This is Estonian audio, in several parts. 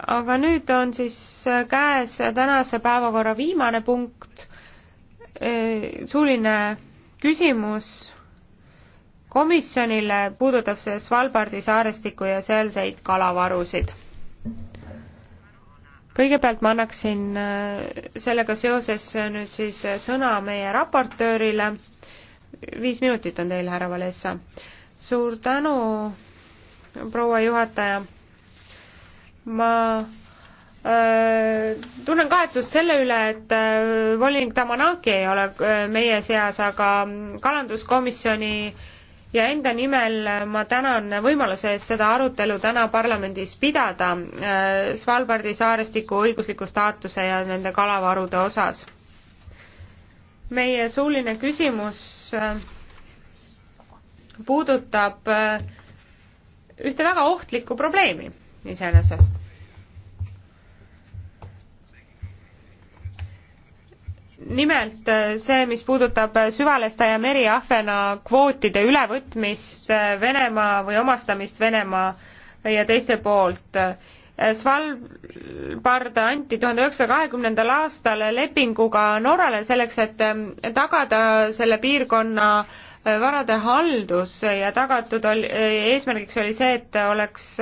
aga nüüd on siis käes tänase päevakorra viimane punkt, suuline küsimus komisjonile puudutab see Svalbardi saarestikku ja sealseid kalavarusid. kõigepealt ma annaksin äh, sellega seoses nüüd siis sõna meie raportöörile. viis minutit on teil, härra Valessa. suur tänu, proua juhataja ma äh, tunnen kahetsust selle üle, et äh, volinik Tamanaki ei ole äh, meie seas, aga mm, kalanduskomisjoni ja enda nimel ma tänan võimaluse eest seda arutelu täna parlamendis pidada äh, Svalbardi saarestiku õigusliku staatuse ja nende kalavarude osas. meie suuline küsimus äh, puudutab äh, ühte väga ohtlikku probleemi iseenesest. nimelt äh, see, mis puudutab äh, Süvalesta ja Meri ahvena kvootide ülevõtmist äh, Venemaa või omastamist Venemaa ja teiste poolt Svalbard anti tuhande üheksasaja kahekümnendal aastal lepinguga Norrale selleks, et tagada selle piirkonna varade haldus ja tagatud oli, eesmärgiks oli see, et oleks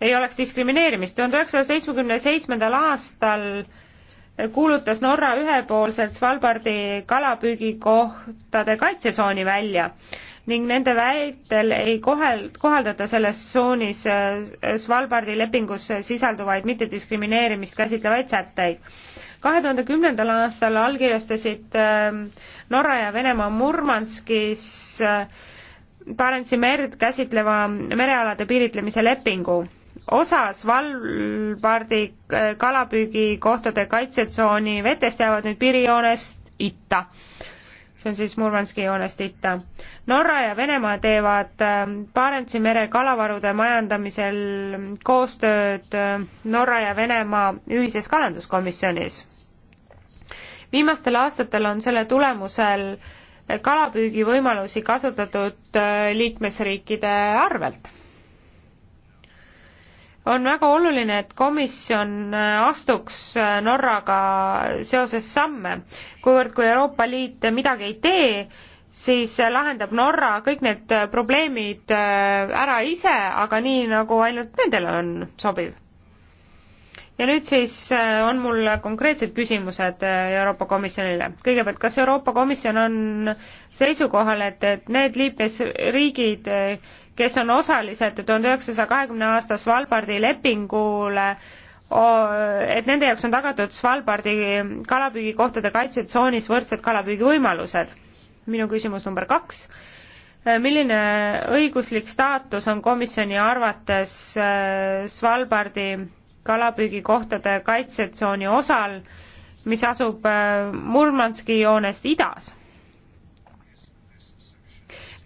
ei oleks diskrimineerimist. tuhande üheksasaja seitsmekümne seitsmendal aastal kuulutas Norra ühepoolselt Svalbardi kalapüügikohtade kaitsesooni välja ning nende väitel ei kohel, kohaldata selles tsoonis äh, Svalbardi lepingus sisalduvaid mittediskrimineerimist käsitlevaid sätteid. kahe tuhande kümnendal aastal allkirjastasid ähm, Norra ja Venemaa Murmanskis äh, Barentsi merd käsitleva merealade piiritlemise lepingu osas Valvardi äh, kalapüügikohtade kaitsetsooni vetest jäävad nüüd piirijoonest itta. see on siis Murmanski joonest itta. Norra ja Venemaa teevad äh, Barentsi mere kalavarude majandamisel koostööd äh, Norra ja Venemaa ühises kalanduskomisjonis. viimastel aastatel on selle tulemusel kalapüügivõimalusi kasutatud liikmesriikide arvelt on väga oluline, et komisjon äh, astuks äh, Norraga seoses samme, kuivõrd kui Euroopa Liit midagi ei tee, siis äh, lahendab Norra kõik need probleemid ära ise, aga nii, nagu ainult nendele on sobiv ja nüüd siis äh, on mul konkreetsed küsimused äh, Euroopa Komisjonile. kõigepealt, kas Euroopa Komisjon on seisukohal, et, et need liikmesriigid, äh, kes on osalised tuhande üheksasaja kahekümne aasta Svalbardi lepingule, et nende jaoks on tagatud Svalbardi kalapüügikohtade kaitsetsioonis võrdsed kalapüügivõimalused? minu küsimus number kaks milline õiguslik staatus on komisjoni arvates Svalbardi kalapüügikohtade kaitsetsooni osal, mis asub äh, Murmanski joonest idas.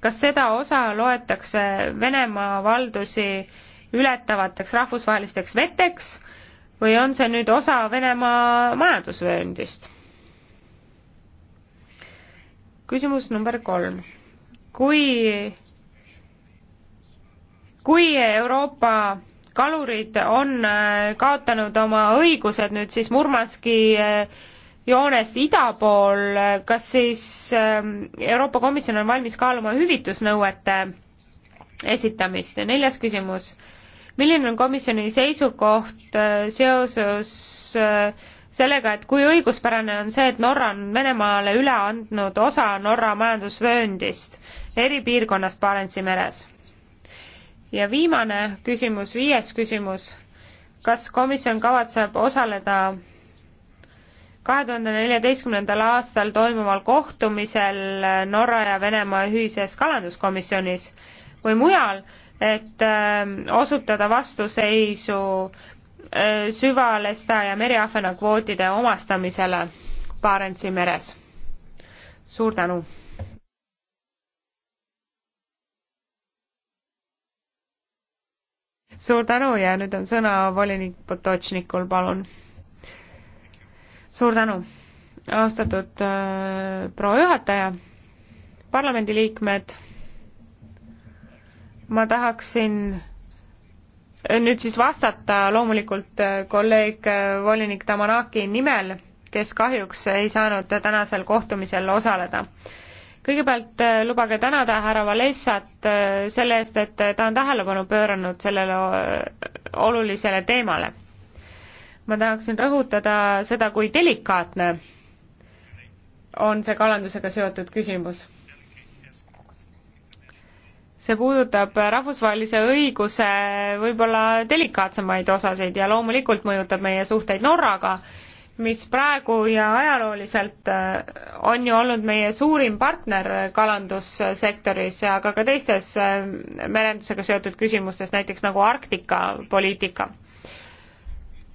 kas seda osa loetakse Venemaa valdusi ületavateks rahvusvahelisteks veteks või on see nüüd osa Venemaa majandusvööndist? küsimus number kolm. kui, kui Euroopa kalurid on äh, kaotanud oma õigused nüüd siis Murmanski äh, joonest ida pool, kas siis ähm, Euroopa Komisjon on valmis kaaluma hüvitusnõuete esitamist ja neljas küsimus, milline on komisjoni seisukoht äh, seoses sellega, et kui õiguspärane on see, et Norra on Venemaale üle andnud osa Norra majandusvööndist, eripiirkonnast Barentsi meres? ja viimane küsimus, viies küsimus, kas komisjon kavatseb osaleda kahe tuhande neljateistkümnendal aastal toimuval kohtumisel Norra ja Venemaa ühises kalanduskomisjonis või mujal, et ähm, osutada vastuseisu äh, süvalesta ja mereahvena kvootide omastamisele Barentsi meres. suur tänu! suur tänu ja nüüd on sõna volinik Potočnikul, palun. suur tänu, austatud äh, proua juhataja, parlamendiliikmed, ma tahaksin äh, nüüd siis vastata loomulikult äh, kolleeg äh, volinik Tamanaki nimel, kes kahjuks ei saanud tänasel kohtumisel osaleda kõigepealt äh, lubage tänada härra Valessat äh, selle eest, et äh, ta on tähelepanu pööranud sellele olulisele teemale. ma tahaksin rõhutada seda, kui delikaatne on see kalandusega seotud küsimus. see puudutab rahvusvahelise õiguse võib-olla delikaatsemaid osasid ja loomulikult mõjutab meie suhteid Norraga mis praegu ja ajalooliselt äh, on ju olnud meie suurim partner kalandussektoris, aga ka teistes äh, merendusega seotud küsimustes, näiteks nagu Arktika poliitika.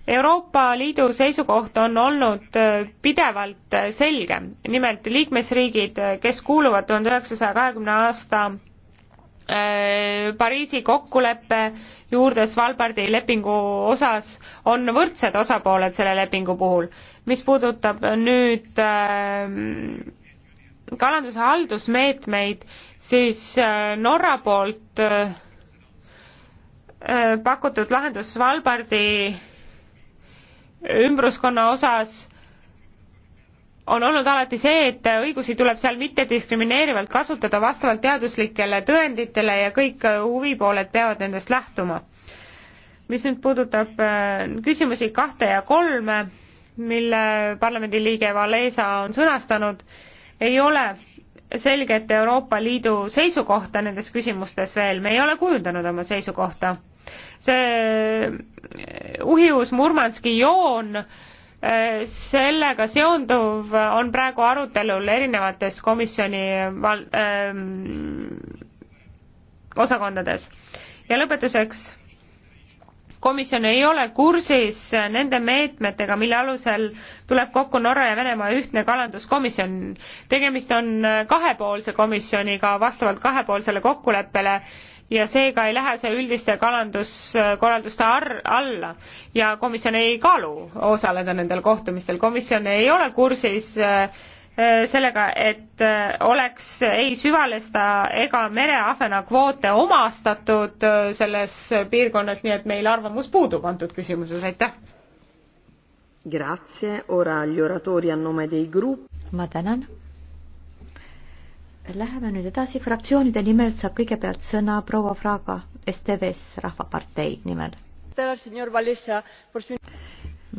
Euroopa Liidu seisukoht on olnud äh, pidevalt selge, nimelt liikmesriigid, kes kuuluvad tuhande üheksasaja kahekümne aasta Äh, Pariisi kokkuleppe juurdes Svalbardi lepingu osas on võrdsed osapooled selle lepingu puhul. mis puudutab nüüd äh, kalanduse haldusmeetmeid, siis äh, Norra poolt pakutud lahendus Svalbardi ümbruskonna osas on olnud alati see, et õigusi tuleb seal mittediskrimineerivalt kasutada vastavalt teaduslikele tõenditele ja kõik huvipooled peavad nendest lähtuma. mis nüüd puudutab äh, küsimusi kahte ja kolme, mille parlamendiliige Valesa on sõnastanud, ei ole selget Euroopa Liidu seisukohta nendes küsimustes veel, me ei ole kujundanud oma seisukohta. see äh, Uhius-Murmanski joon äh, sellega seonduv on praegu arutelul erinevates komisjoni val-, öö, ähm, osakondades. ja lõpetuseks, komisjon ei ole kursis nende meetmetega, mille alusel tuleb kokku Norra ja Venemaa ühtne kalanduskomisjon. tegemist on kahepoolse komisjoniga vastavalt kahepoolsele kokkuleppele ja seega ei lähe see üldiste kalanduskorralduste ar-, alla ja komisjon ei kaalu osaleda nendel kohtumistel, komisjon ei ole kursis äh, äh, sellega, et äh, oleks ei süvalesta ega mereahvena kvoote omastatud selles piirkonnas, nii et meil arvamus puudub antud küsimuses, aitäh! ma tänan Läheme nüüd edasi, fraktsioonide nimel saab kõigepealt sõna proua Fraga STVs Rahvapartei nimel.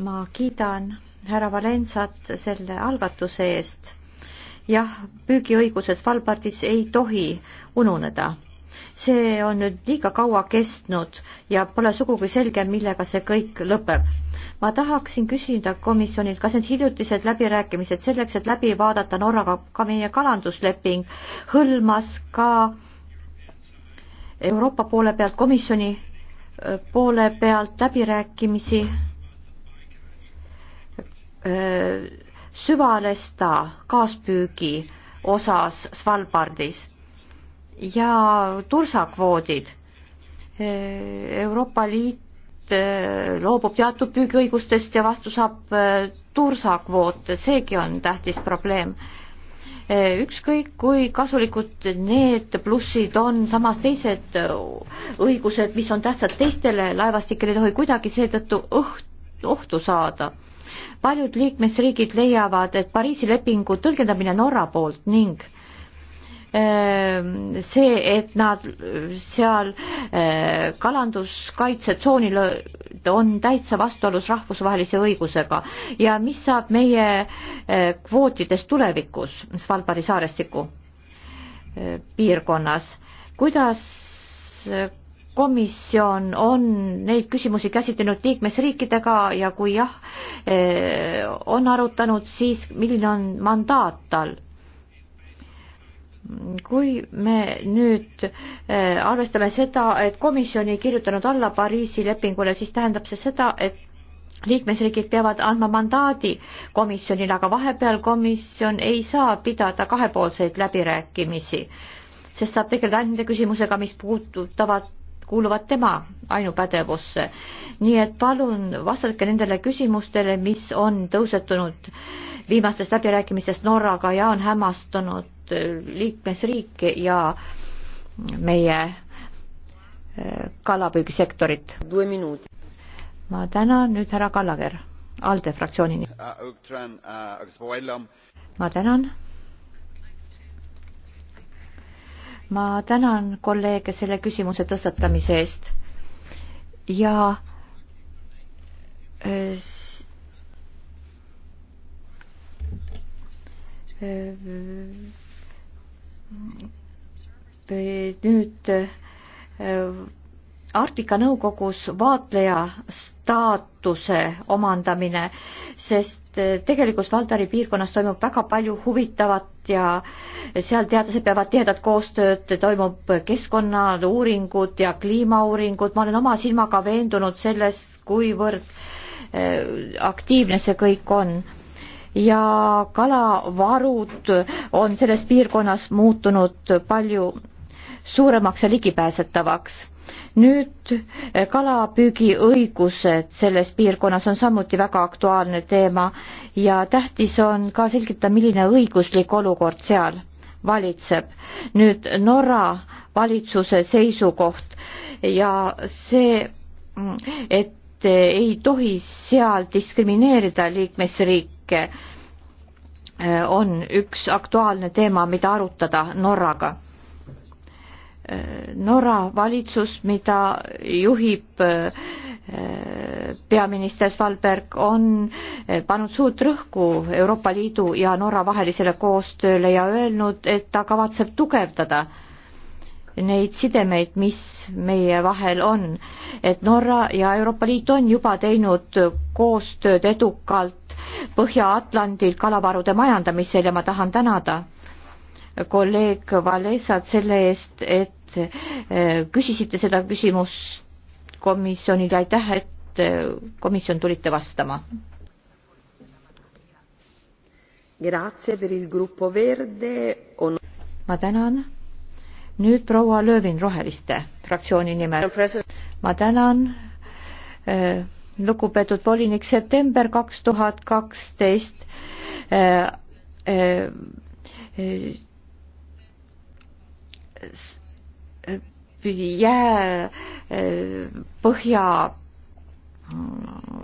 ma kiidan härra Valensat selle algatuse eest. jah, püügiõigused Svalbardis ei tohi ununeda see on nüüd liiga kaua kestnud ja pole sugugi selge, millega see kõik lõpeb. ma tahaksin küsida komisjonilt, kas need hiljutised läbirääkimised selleks, et läbi vaadata Norraga ka meie kalandusleping, hõlmas ka Euroopa poole pealt, komisjoni äh, poole pealt läbirääkimisi äh, süvalesta kaaspüügi osas Svalbardis ja tursakvoodid. Euroopa Liit eh, loobub teatud püügiõigustest ja vastu saab eh, tursakvoot, seegi on tähtis probleem. Eh, ükskõik, kui kasulikud need plussid on, samas teised õigused, mis on tähtsad teistele laevastikele, ei tohi kuidagi seetõttu õht-, ohtu saada paljud liikmesriigid leiavad, et Pariisi lepingu tõlgendamine Norra poolt ning Ehm, see, et nad seal eh, kalanduskaitsetsoonil on täitsa vastuolus rahvusvahelise õigusega ja mis saab meie eh, kvootidest tulevikus Svalbari saarestiku eh, piirkonnas, kuidas komisjon on neid küsimusi käsitlenud liikmesriikidega ja kui jah, on arutanud, siis milline on mandaat tal? kui me nüüd äh, arvestame seda, et komisjon ei kirjutanud alla Pariisi lepingule, siis tähendab see seda, et liikmesriigid peavad andma mandaadi komisjonile, aga vahepeal komisjon ei saa pidada kahepoolseid läbirääkimisi, sest saab tegeleda ainult nende küsimusega, mis puudutavad, kuuluvad tema ainupädevusse. nii et palun vastake nendele küsimustele, mis on tõusetunud viimastest läbirääkimistest Norraga ja on hämmastunud Äh, liikmesriik ja meie äh, kalapüügisektorit. ma tänan nüüd härra Kallager, ALDE fraktsioonini. Äh, ma tänan. ma tänan kolleege selle küsimuse tõstatamise eest ja äh, nüüd äh, Arktika Nõukogus vaatleja staatuse omandamine, sest äh, tegelikult Valdari piirkonnas toimub väga palju huvitavat ja seal teadlased peavad tihedat koostööd, toimub keskkonnauuringud ja kliimauuringud, ma olen oma silmaga veendunud selles, kuivõrd äh, aktiivne see kõik on ja kalavarud on selles piirkonnas muutunud palju suuremaks ja ligipääsetavaks. nüüd eh, kalapüügiõigused selles piirkonnas on samuti väga aktuaalne teema ja tähtis on ka selgitada, milline õiguslik olukord seal valitseb. nüüd Norra valitsuse seisukoht ja see, mm, et eh, ei tohi seal diskrimineerida liikmesriike, riike äh, on üks aktuaalne teema, mida arutada Norraga. Äh, Norra valitsus, mida juhib äh, peaminister Svalberg, on pannud suurt rõhku Euroopa Liidu ja Norra vahelisele koostööle ja öelnud, et ta kavatseb tugevdada neid sidemeid, mis meie vahel on. et Norra ja Euroopa Liit on juba teinud koostööd edukalt Põhja-Atlandil kalavarude majandamisel ja ma tahan tänada kolleeg Valesat selle eest, et eh, küsisite seda küsimust komisjonile, aitäh, et eh, komisjon tulite vastama. On... ma tänan. nüüd proua Löövin Roheliste fraktsiooni nimel. ma tänan äh, lugupeetud volinik, september kaks tuhat kaksteist äh, äh, äh, jää põhja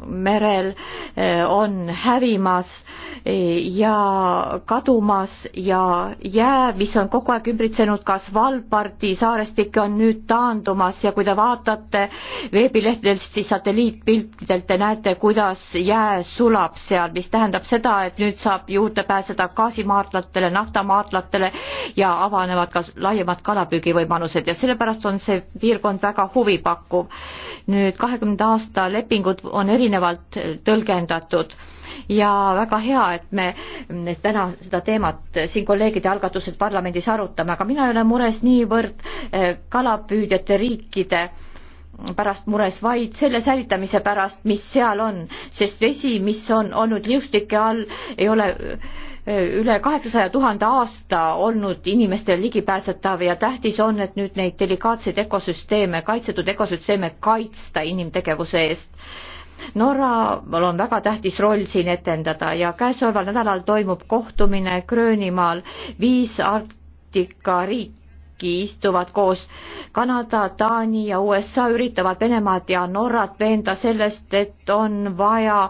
merel eh, on hävimas eh, ja kadumas ja jää, mis on kogu aeg ümbritsenud ka Svalbardi saarestik on nüüd taandumas ja kui te vaatate veebilehtedelt, siis satelliitpiltidelt te näete, kuidas jää sulab seal, mis tähendab seda, et nüüd saab juurde pääseda gaasimaardlatele, naftamaardlatele ja avanevad ka laiemad kalapüügivõimalused ja sellepärast on see piirkond väga huvipakkuv. nüüd kahekümnenda aasta lepingud on erinevad erinevalt tõlgendatud ja väga hea, et me täna seda teemat siin kolleegide algatusel parlamendis arutame, aga mina ei ole mures niivõrd eh, kalapüüdjate riikide pärast mures, vaid selle säilitamise pärast, mis seal on, sest vesi, mis on olnud liustike all, ei ole eh, üle kaheksasaja tuhande aasta olnud inimestele ligipääsetav ja tähtis on, et nüüd neid delikaatseid ökosüsteeme, kaitsetud ökosüsteeme kaitsta inimtegevuse eest Norral on väga tähtis roll siin etendada ja käesoleval nädalal toimub kohtumine Gröönimaal viis Arktika riiki istuvad koos Kanada, Taani ja USA üritavad Venemaad ja Norrat veenda sellest, et on vaja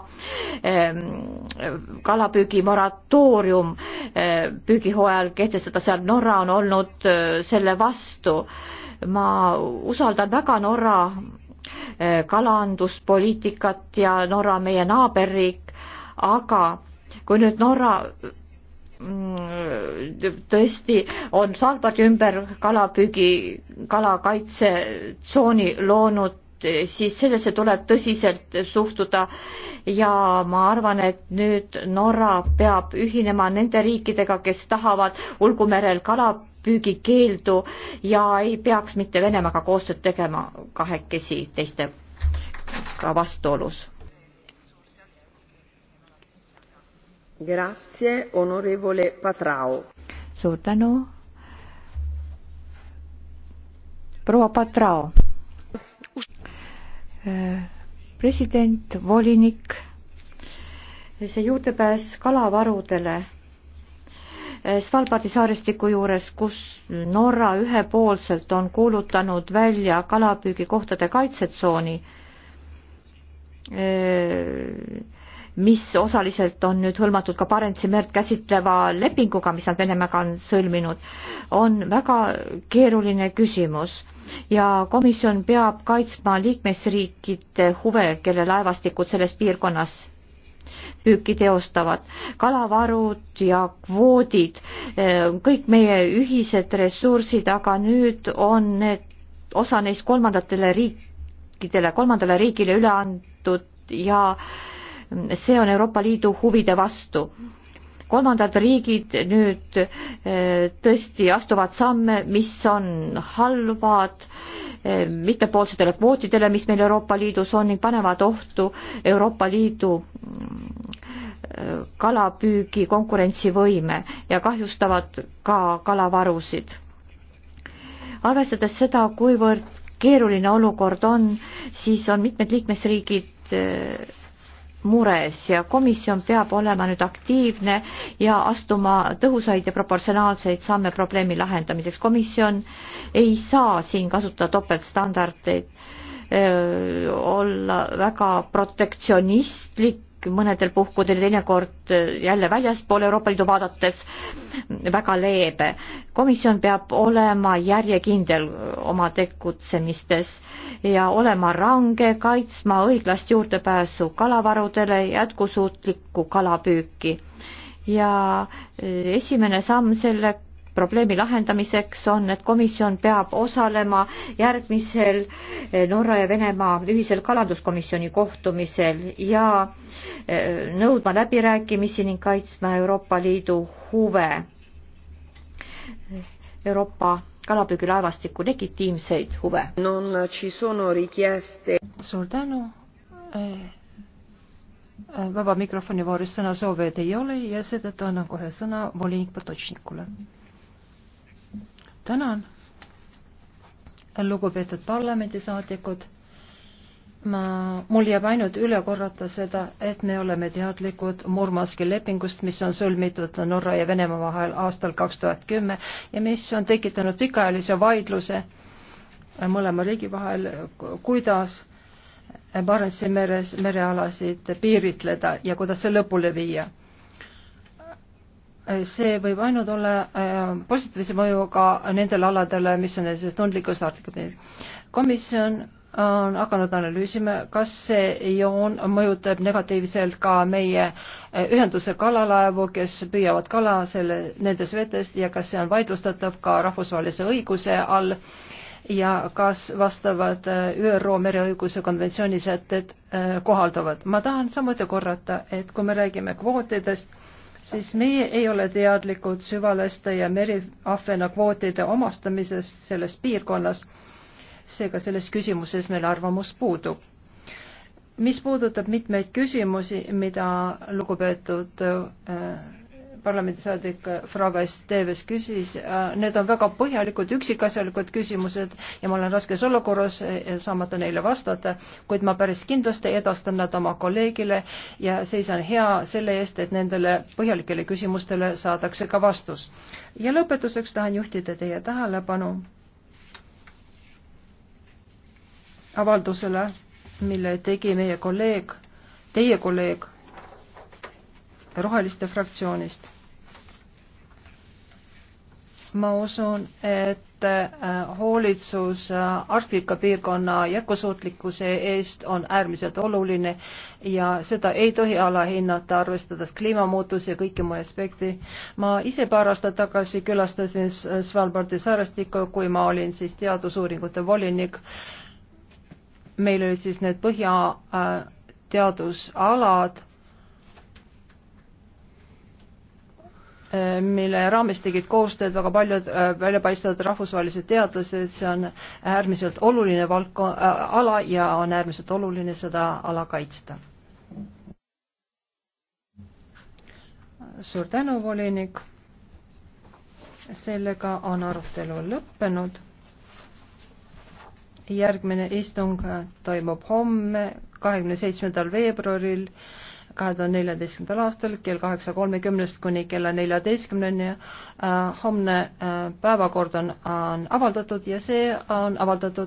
ehm, kalapüügi moratoorium ehm, püügihooajal kehtestada, seal Norra on olnud ehm, selle vastu. ma usaldan väga Norra Eh, kalanduspoliitikat ja Norra on meie naaberriik, aga kui nüüd Norra mm, tõesti on Svalbardi ümber kalapüügi, kalakaitsetsooni loonud, siis sellesse tuleb tõsiselt suhtuda ja ma arvan, et nüüd Norra peab ühinema nende riikidega, kes tahavad ulgumerel kalapüügikeeldu ja ei peaks mitte Venemaaga koostööd tegema kahekesi teistega ka vastuolus. Grazie, onorevole Patrao. suur tänu. proua Patrao president, volinik, see juurdepääs kalavarudele eh, Svalbardi saarestiku juures, kus Norra ühepoolselt on kuulutanud välja kalapüügikohtade kaitsetsooni, eh, mis osaliselt on nüüd hõlmatud ka Barentsi merd käsitleva lepinguga, mis nad Venemaaga on sõlminud, on väga keeruline küsimus ja komisjon peab kaitsma liikmesriikide huve, kelle laevastikud selles piirkonnas püüki teostavad. kalavarud ja kvoodid, eh, kõik meie ühised ressursid, aga nüüd on need, osa neist kolmandatele riikidele, kolmandale riigile üle antud ja äh, see on Euroopa Liidu huvide vastu. kolmandad riigid nüüd eh, tõesti astuvad samme, mis on halvad eh, mitmepoolsetele kvootidele, mis meil Euroopa Liidus on ning panevad ohtu Euroopa Liidu eh, kalapüügi konkurentsivõime ja kahjustavad ka kalavarusid. arvestades seda, kuivõrd keeruline olukord on, siis on mitmed liikmesriigid mures ja komisjon peab olema nüüd aktiivne ja astuma tõhusaid ja proportsionaalseid samme probleemi lahendamiseks. komisjon ei saa siin kasutada topeltstandardeid, olla väga protektsionistlik mõnedel puhkudel teinekord jälle väljaspool Euroopa Liidu vaadates väga leebe. komisjon peab olema järjekindel oma tegutsemistes ja olema range, kaitsma õiglast juurdepääsu kalavarudele, jätkusuutlikku kalapüüki. ja esimene samm selle probleemi lahendamiseks on, et komisjon peab osalema järgmisel eh, Norra ja Venemaa ühisel kalanduskomisjoni kohtumisel ja eh, nõudma läbirääkimisi ning kaitsma Euroopa Liidu huve, Euroopa kalapüügilaevastiku legitiimseid huve. suur tänu eh, vaba mikrofoni voorus sõnasoovijaid ei ole ja seetõttu annan kohe sõna volinik Potočnikule tänan, lugupeetud parlamendisaadikud. ma, mul jääb ainult üle korrata seda, et me oleme teadlikud Murmanski lepingust, mis on sõlmitud Norra ja Venemaa vahel aastal kaks tuhat kümme ja mis on tekitanud pikaajalise vaidluse mõlema riigi vahel, kuidas Barentsi meres merealasid piiritleda ja kuidas see lõpule viia see võib ainult olla äh, positiivse mõjuga nendele aladele, mis on näiteks tundlikus artiklis. komisjon on hakanud analüüsima, kas see joon mõjutab negatiivselt ka meie äh, ühenduse kalalaevu, kes püüavad kala selle, nendest vetest ja kas see on vaidlustatav ka rahvusvahelise õiguse all ja kas vastavad äh, ÜRO mereõiguse konventsiooni sätted kohalduvad. ma tahan samuti korrata, et kui me räägime kvootidest, siis meie ei ole teadlikud süvaleste ja meriahvena kvootide omastamisest selles piirkonnas. seega selles küsimuses meil arvamus puudub. mis puudutab mitmeid küsimusi, mida lugupeetud äh, parlamendisaadik Fragas Teves küsis, äh, need on väga põhjalikud, üksikasjalikud küsimused ja ma olen raskes olukorras, äh, saamata neile vastata, kuid ma päris kindlasti edastan nad oma kolleegile ja seisan hea selle eest, et nendele põhjalikele küsimustele saadakse ka vastus. ja lõpetuseks tahan juhtida teie tähelepanu avaldusele, mille tegi meie kolleeg, teie kolleeg roheliste fraktsioonist ma usun, et äh, hoolitsus äh, Arktika piirkonna jätkusuutlikkuse eest on äärmiselt oluline ja seda ei tohi alahinnata, arvestades kliimamuutusi ja kõiki mu aspekti. ma ise paar aastat tagasi külastasin Svalbardi saarestikku, kui ma olin siis teadusuuringute volinik. meil olid siis need põhja äh, teadusalad Äh, mille raames tegid koostööd väga paljud äh, väljapaistvad rahvusvahelised teadlased, see on äärmiselt oluline valdko- äh,, ala ja on äärmiselt oluline seda ala kaitsta. suur tänu, volinik. sellega on arutelu lõppenud. järgmine istung toimub homme, kahekümne seitsmendal veebruaril kahe tuhande neljateistkümnendal aastal kell kaheksa kolmekümnest kuni kella neljateistkümneni. Äh, homne äh, päevakord on, on avaldatud ja see on avaldatud